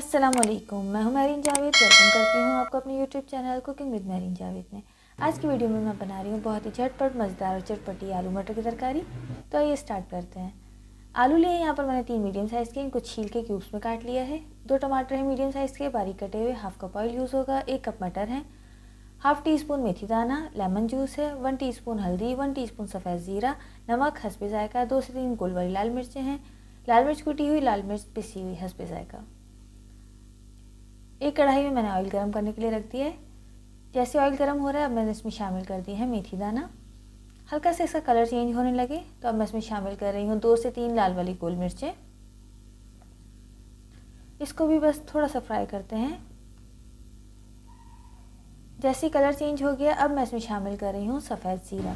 अस्सलाम वालेकुम मैं हूं मैरीन जावेद वेलकम करती हूं आपको अपने YouTube channel cooking with Mareen Javed में आज की वीडियो में मैं बना रही हूं बहुत ही झटपट मज़ेदार और चटपटी आलू मटर की तरकारी तो आइए स्टार्ट करते हैं आलू लिए यहाँ पर मैंने तीन मीडियम साइज़ के इनको छील के क्यूब्स में काट लिया है दो टमाटर हैं मीडियम साइज़ के बारीक कटे हुए हाफ कप ऑयल यूज़ होगा एक कप मटर है हाफ टी स्पून मेथी दाना लेमन जूस है वन टी स्पून हल्दी वन टी स्पून सफ़ेद ज़ीरा नमक हंसपे जायका दो से तीन गोल वाली लाल मिर्चें हैं लाल मिर्च कुटी हुई लाल मिर्च पिसी हुई हंसपे जायका एक कढ़ाई में मैंने ऑयल गर्म करने के लिए रख दिया है जैसे ऑयल गर्म हो रहा है अब मैंने इसमें शामिल कर दिया है मेथी दाना हल्का से इसका कलर चेंज होने लगे तो अब मैं इसमें शामिल कर रही हूँ दो से तीन लाल वाली गोल मिर्चें इसको भी बस थोड़ा सा फ्राई करते हैं जैसे कलर चेंज हो गया अब मैं इसमें शामिल कर रही हूँ सफ़ेद ज़ीरा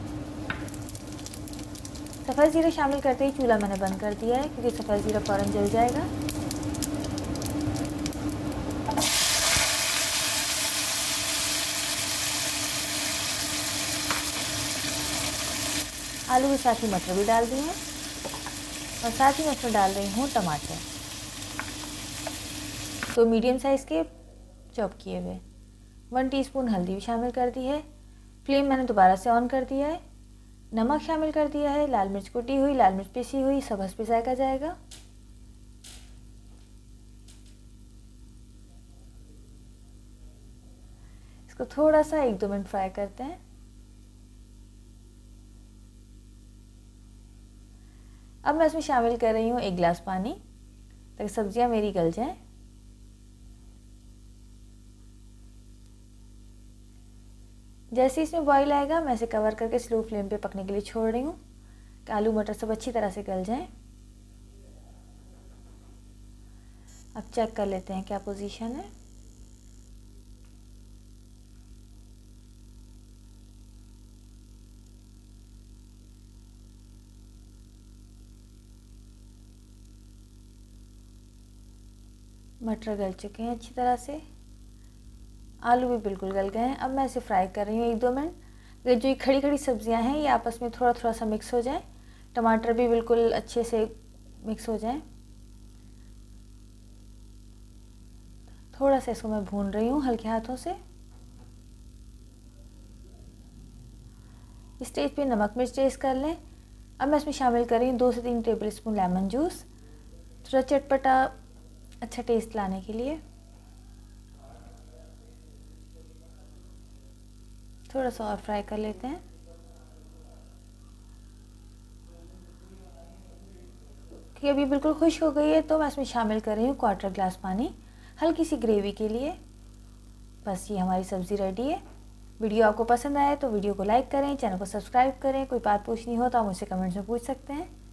सफ़ेद ज़ीरा शामिल करते ही चूल्हा मैंने बंद कर दिया है क्योंकि सफ़ेद ज़ीरा फ़ौरन जल जाएगा आलू के साथ ही मटर भी डाल दिए हैं और साथ ही मटर डाल रही हूँ टमाटर तो मीडियम साइज़ के चॉप किए हुए वन टीस्पून हल्दी भी शामिल कर दी है फ्लेम मैंने दोबारा से ऑन कर दिया है नमक शामिल कर दिया है लाल मिर्च कुटी हुई लाल मिर्च पिसी हुई सब हंस पिसाया का जाएगा इसको थोड़ा सा एक दो मिनट फ्राई करते हैं अब मैं इसमें शामिल कर रही हूँ एक गिलास पानी ताकि सब्जियाँ मेरी गल जाएँ जैसे ही इसमें बॉईल आएगा मैं इसे कवर करके स्लो फ्लेम पे पकने के लिए छोड़ रही हूँ कि आलू मटर सब अच्छी तरह से गल जाएं अब चेक कर लेते हैं क्या पोजीशन है मटर गल चुके हैं अच्छी तरह से आलू भी बिल्कुल गल गए हैं अब मैं इसे फ्राई कर रही हूँ एक दो मिनट ये जो ये खड़ी खड़ी सब्जियाँ हैं ये आपस में थोड़ा थोड़ा सा मिक्स हो जाए टमाटर भी बिल्कुल अच्छे से मिक्स हो जाए थोड़ा सा इसको मैं भून रही हूँ हल्के हाथों से इस स्टेज पे नमक मिर्च टेस्ट कर लें अब मैं इसमें शामिल कर रही हूँ दो से तीन टेबल स्पून लेमन जूस थोड़ा चटपटा अच्छा टेस्ट लाने के लिए थोड़ा सा और फ्राई कर लेते हैं कि अभी बिल्कुल खुश हो गई है तो मैं इसमें शामिल कर रही हूँ क्वार्टर ग्लास पानी हल्की सी ग्रेवी के लिए बस ये हमारी सब्ज़ी रेडी है वीडियो आपको पसंद आए तो वीडियो को लाइक करें चैनल को सब्सक्राइब करें कोई बात पूछनी हो तो आप मुझसे कमेंट्स में पूछ सकते हैं